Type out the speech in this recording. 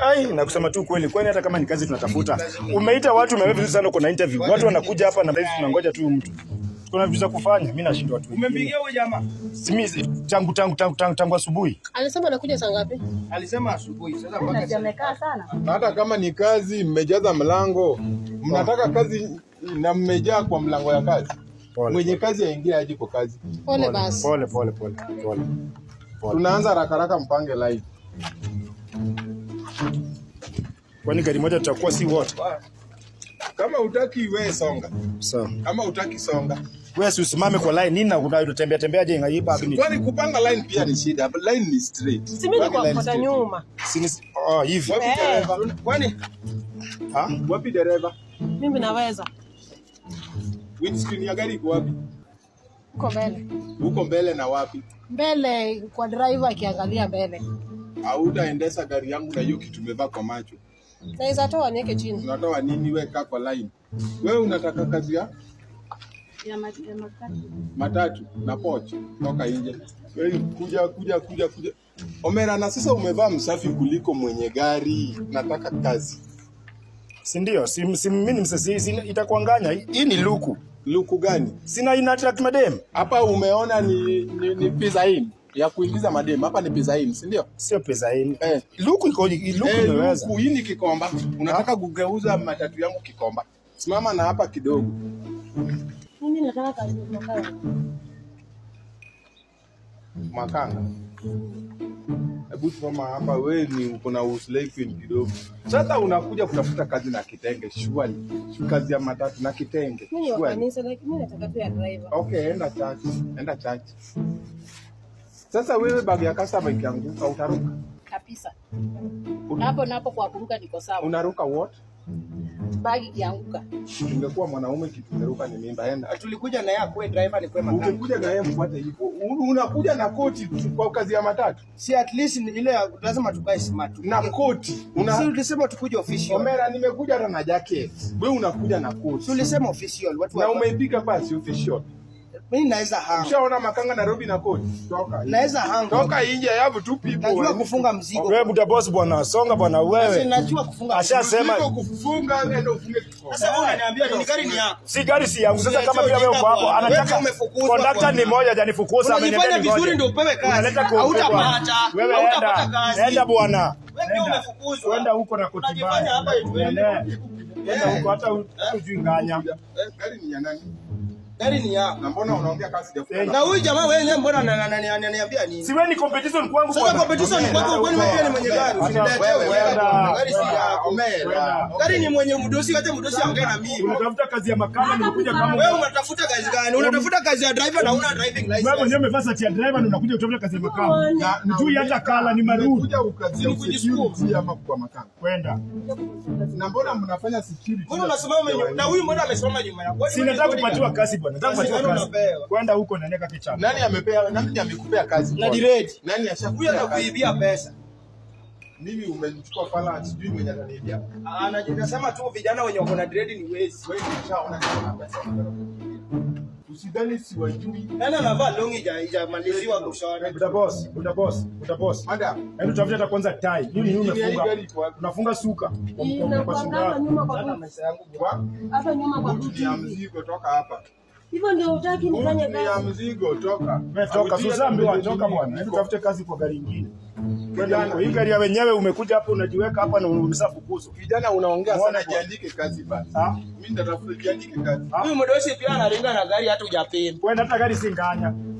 Ai, na kusema tu kweli kwani hata kama ni kazi tunatafuta. Umeita watu umeweka vizuri sana, uko na interview. Watu wanakuja hapa na hivi tunangoja tu mtu. Kuna vitu za kufanya, mimi nashindwa tu. Umempigia huyo jamaa? Si tangu tangu tangu tangu tangu asubuhi. Alisema anakuja saa ngapi? Alisema asubuhi. Sasa mpaka sasa amekaa sana. Hata kama ni kazi mmejaza mlango. Mnataka kazi na mmejaa kwa mlango ya kazi. Mwenye kazi aingie aje kwa kazi. Pole basi. Pole pole pole. Pole. Tunaanza rakaraka mpange live. Kwani gari moja tutakuwa si wote? Kama utaki we songa. Sawa. Kama utaki songa. Wewe si usimame kwa line nina kuna unatembea tembea je ngaiba hapo nini? Kwani kupanga line pia ni shida, but line ni straight. Si mimi kwa kwa nyuma. Si ni oh hivi. Wapi eh. dereva? Kwani? Ha? Wapi dereva? Mimi naweza. Windscreen ya gari iko wapi? Uko mbele. Uko mbele na wapi? Mbele kwa driver akiangalia mbele hautaendesha gari yangu na hiyo kitu umevaa kwa macho. Naweza toa niweke chini. Unatoa nini? kaa kwa line. Wewe unataka kazi ya ya matatu. Matatu na pochi toka nje. Wewe kuja kuja kuja kuja. Omera, na sasa umevaa msafi kuliko mwenye gari. Nataka kazi. Si ndio? Si, mimi ni msasi itakuanganya. Hii ni luku. Luku gani? Sina ina attract madem. Hapa umeona ni ni, ni pizza hii ya kuingiza madem hapa ni pesa hii, si ndio? Sio pesa hii. Eh, luku iko luku eh, inaweza. Luku hii kikomba. Unataka kugeuza matatu yangu kikomba. Simama na hapa kidogo. Mimi nataka kazi makanga. Makanga. Hebu simama hapa wewe, ni uko na uslaifu kidogo. Sasa unakuja kutafuta kazi na kitenge shwali. Kazi ya matatu na kitenge. Mimi wa kanisa lakini mimi nataka tu ya driver. Okay, enda chachi. Enda chachi. Sasa wewe bagi ya customer ikianguka utaruka kabisa. Napo napo kwa kuruka niko sawa. Unaruka what? Bagi ikianguka. Ungekuwa mwanaume kitu ni mimba henda. Tulikuja na yeye kwa driver ni kwa matatu. Ungekuja na yeye mfuate hiyo. Unakuja na koti kwa kazi ya matatu. Si at least ni ile lazima tukae smart. Na koti. Una... Si ulisema tukuje official. Omera nimekuja hata na jacket. Wewe unakuja na koti. Si ulisema official. Watu na umeipika pasi official mimi naweza hang. Ushaona makanga Nairobi na kodi? Toka. Naweza hang. Toka nje hapo tu people. Najua kufunga mzigo. Wewe buta boss bwana, songa bwana wewe. Sasa najua kufunga. Ashasema. Mzigo kufunga ndio ufunge. Sasa wewe unaniambia ni gari ni yako. Si gari si yangu. Sasa kama bila wewe uko anataka conductor ni moja hajanifukuza ameniambia ni moja. Vizuri ndio upewe kazi. Hautapata. Hautapata kazi. Nenda bwana. Wewe umefukuzwa. Wenda huko na kotibaya. Unajifanya hapa hivi huko hata hujui nganya. Gari ni ya nani? Gari ni ya. Na mbona unaongea kazi ndefu? Na huyu jamaa wewe mbona ananiambia nini? Si wewe ni competition kwangu. Sasa competition kwako kwani mimi ni mwenye gari. Wewe wewe. Gari si ya Omera. Yaani Kari ni mwenye mdosi, acha mdosi angae na mimi. Unatafuta kazi ya makanga, nimekuja kama wewe. Unatafuta kazi gani? Unatafuta kazi ya driver na una driving license. Wewe mwenyewe umevaa sati ya driver na unakuja kutafuta kazi ya makanga. Njui hata kala ni marudi. Unakuja ukazi ya security ama kwa makama. Kwenda. Na mbona mnafanya security? Mbona unasimama na huyu mwana amesimama nyuma yako? Si nataka kupatiwa kazi bwana. Nataka kupatiwa kazi. Kwenda huko na neka kichapa. Nani amepea? Nani amekupea kazi? Na direct. Nani ashakuja na kuibia pesa? mimi umechukua pala sijui mwenye ataniambia. Anasema tu vijana wenye wako na dread ni wezi. Wewe unaona usidhani si wajui. Nani anavaa longi ja ja maliziwa kushona. Buda boss, buda boss, buda boss. Madam, hebu yaani tuambie hata kwanza tai. Nini nini umefunga? Unafunga suka. Kwa suka. kwa mesa yangu kwa. Hapa nyuma kwa kuti. ya mzigo toka hapa. Hivyo ndio utaki nifanye kazi. Ya mzigo toka. Mimi toka, sasa wa toka bwana. Hebu tafute kazi kwa gari nyingine. Kijana, hii gari ya wenyewe umekuja hapa unajiweka hapa na umeshafukuzwa. Kijana unaongea sana, jiandike kazi basi. Mimi nitatafuta jiandike kazi. Huyu mdosi pia analinga na gari hata hujapima. Wewe hata gari singanya.